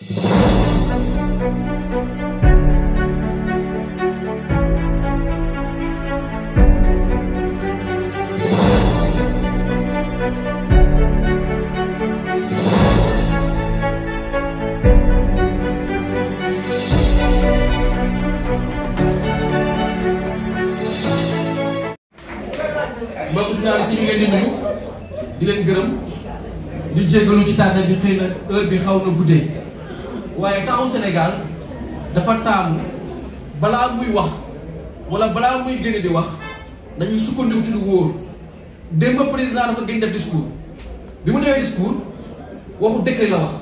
mbokk journaliste yi ñu ngi leen di nuyu di leen gërëm di jégalu ci tardé bi xëy na bi xaw na guddee waaye taxaw Sénégal dafa taamu balaa muy wax wala balaa muy génn di wax dañuy sukkandiku ci lu wóor démb président dafa gën def discours bi mu defee discours waxu décret la wax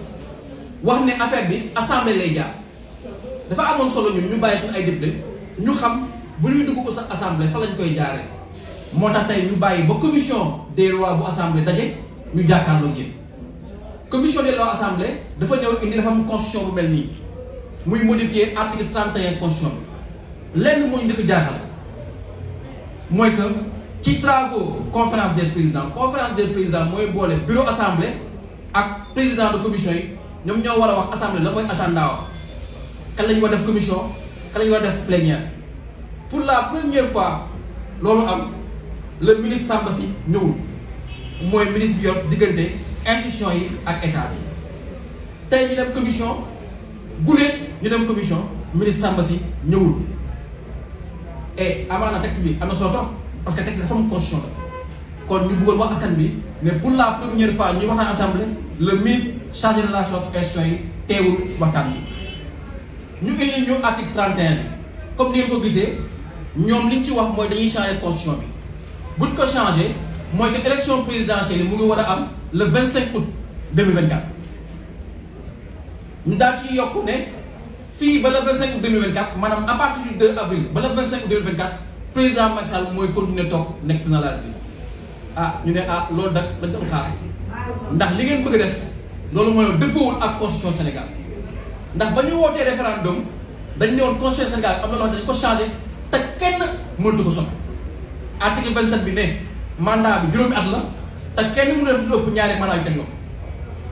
wax ne affaire bi assemblée lay jaar dafa amoon solo ñun ñu bàyyi suñu ay député ñu xam bu ñuy ko sax assemblée fa lañ koy jaaree moo tax tey ñu bàyyi ba commission des lois bu assemblée daje ñu jàkkaarloo yéen. commission des lois assemblée dafa ñëw indi dafa am constitution bu mel nii muy modifier article 31 constitution bi lenn moo ñu njëkk jaaxal mooy que ci travaux conférence des présidents conférence des présidents mooy boole bureau assemblée ak président de commission yi ñoom ñoo war a wax assemblée la mooy agenda wax kan la ñu def commission kan la ñu war def plénière pour la première fois loolu am le ministre Samba Sy ñëwul mooy ministre bi diggante. institution yi ak état bi tey ñu dem commission guddee ñu dem commission ministre Samba Sy ñëwul et amaana texte bi am na solo parce que texte dafa am constitution la kon ñu bëggoon wax askan bi mais pour la première fois ñu waxtaan assemblée le ministre chargé de la relation institution yi teewul waxtaan bi ñu indi ñu article 31 comme ni nga ko gisee ñoom liñ ci wax mooy dañuy changer constitution bi buñ ko changer. mooy que président présidentielle mu ngi war a am le vingt cinq août deux mille vingt quatre daal ci yokk ne fii ba le vingt cinq août deux mille vingt quatre maanaam à partir du deux avril ba le vingt cinq août deux président Macky Sall mooy continuer toog nekk président de la République ah ñu ne ah loolu nag dañ doon ndax li ngeen loolu mooy dëppoowul ak constitution Sénégal ndax ba ñu wootee référendum dañ ne woon constitution Sénégal am na loo xam dañ ko changé te kenn mënatu ko soppi article vingt bi ne. mandat bi juróomi at la te kenn mënu def lu ëpp ñaari mandat yu teg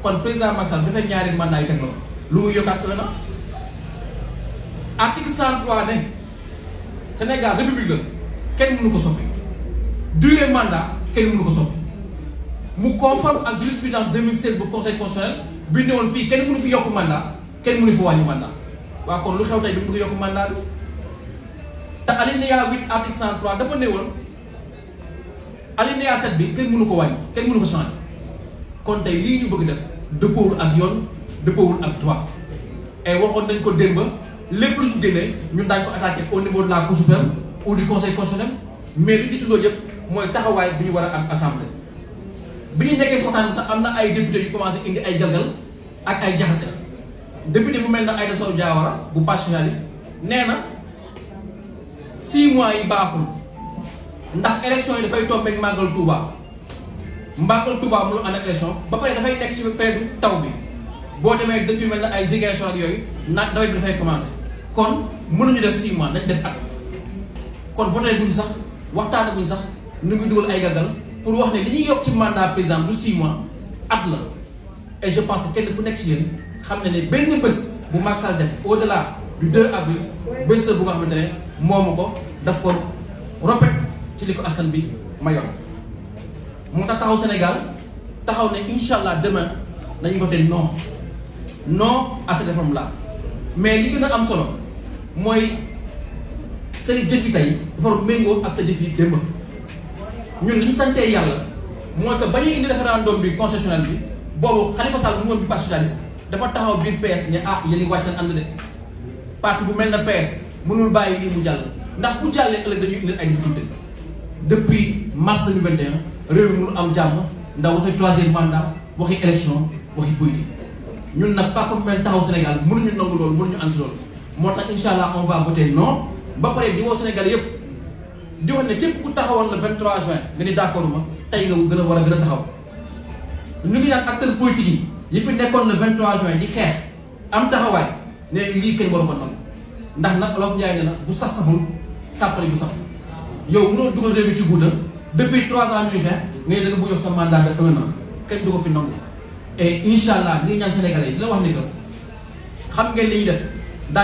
kon président Macky Sall defee ñaari mandat yu teg lu muy yokkaat un an article ne Sénégal république la kenn mënu ko soppi durée mandat kenn mënu ko soppi mu conforme ak jurisprudence 2016 bu conseil constitutionnel bi ne woon fii kenn mënu fi yokk mandat kenn mënu fi wàññi mandat waaw kon lu xew tey du mu bëgg yokk mandat bi te alinéa 8 article 103 dafa ne alinéa 7 bi kenn mënu ko wàññi kenn mënu ko changé kon tey lii ñu bëgg def dëppoowul ak yoon dëppoowul ak droit et waxoon nañ ko démb lépp lu ñu génnee ñun daañu ko attaqué au niveau de la cour ou du conseil constitutionnel mais li ñu tuddoo yëpp mooy taxawaay bi ñu war a am assemblée bi ñu nekkee soxtaan sax am na ay député yu commencé indi ay jalgal ak ay jaxase député bu mel na Aïda Sow Diawara bu parti nee na six moi yi baaxul. ndax élection yi dafay tombé ak màggal Touba màggal Touba mu ànd ak élection ba pare dafay nekk ci période taw bi boo demee dëkk yu mel ne ay Ziguinchor yooyu naaj nawet bi dafay commencé kon mënuñu def 6 mois dañ def at kon voté guñ sax waxtaan guñ sax ñu ngi dugal ay gàggal pour wax ne li ñuy yokk ci mandat président du 6 mois at la et je pense que kenn ku nekk ci yéen xam na ne benn bés bu Macky Sall def au delà du 2 avril bés la bu a xamante ne moomu ko daf ko ci li ko askan bi mayoon moo tax taxaw Sénégal taxaw ne incha allah demain nañu voté non non à cette réforme mais li gën a am solo mooy say jëfi tey dafa méngoo ak sa jëfi démb ñun li ñu santee yàlla mooy que ba ñuy indi référendum bi constitutionnel bi boobu Khalifa Sall mu woon bi parti socialiste dafa taxaw biir PS ne ah yéen a ngi wàcc seen ànd de parti bu mel na PS mënul bàyyi lii mu jàll ndax bu jàllee ëllëg dañuy indil ay difficulté depuis mars 2021 réew mi am jàmm ndax waxi troisième mandat waxi élection waxi politique ñun nag pas comme mel taxaw Sénégal mënuñu nangu loolu mënuñu ànd si loolu moo tax incha allah on va voter ba pare di woo Sénégal yëpp di wax ne képp ku taxawoon le 23 juin nga ni d'accord ma tey nga gën a war a gën a taxaw ñu ngi naan acteurs politiques yi yi fi nekkoon vingt 23 juin di xeex am taxawaay ne lii kenn waru ko ndax nag Wolof Njaay ne na bu sax saxul sàppali sax. yow mënoo dugal réew mi ci gudda depuis trois ans ñu vingt mais da nga bëgg a sa mandat de un an kenn du fi nangu et incha allah li ñaan sénégalais dina wax ni xam nga li ñuy def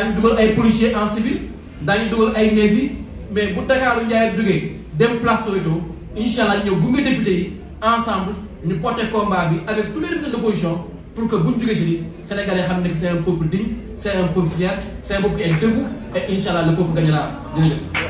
ñu dugal ay policiers en civil ñu dugal ay nervi mais bu Dakar Ndiaye jógee dem place Soweto incha allah ñëw gunge député yi ensemble ñu porter combat bi avec tous les députés de l'opposition pour que buñ jógee si nii sénégalais xam ne que c' est un peuple digne c' est un peuple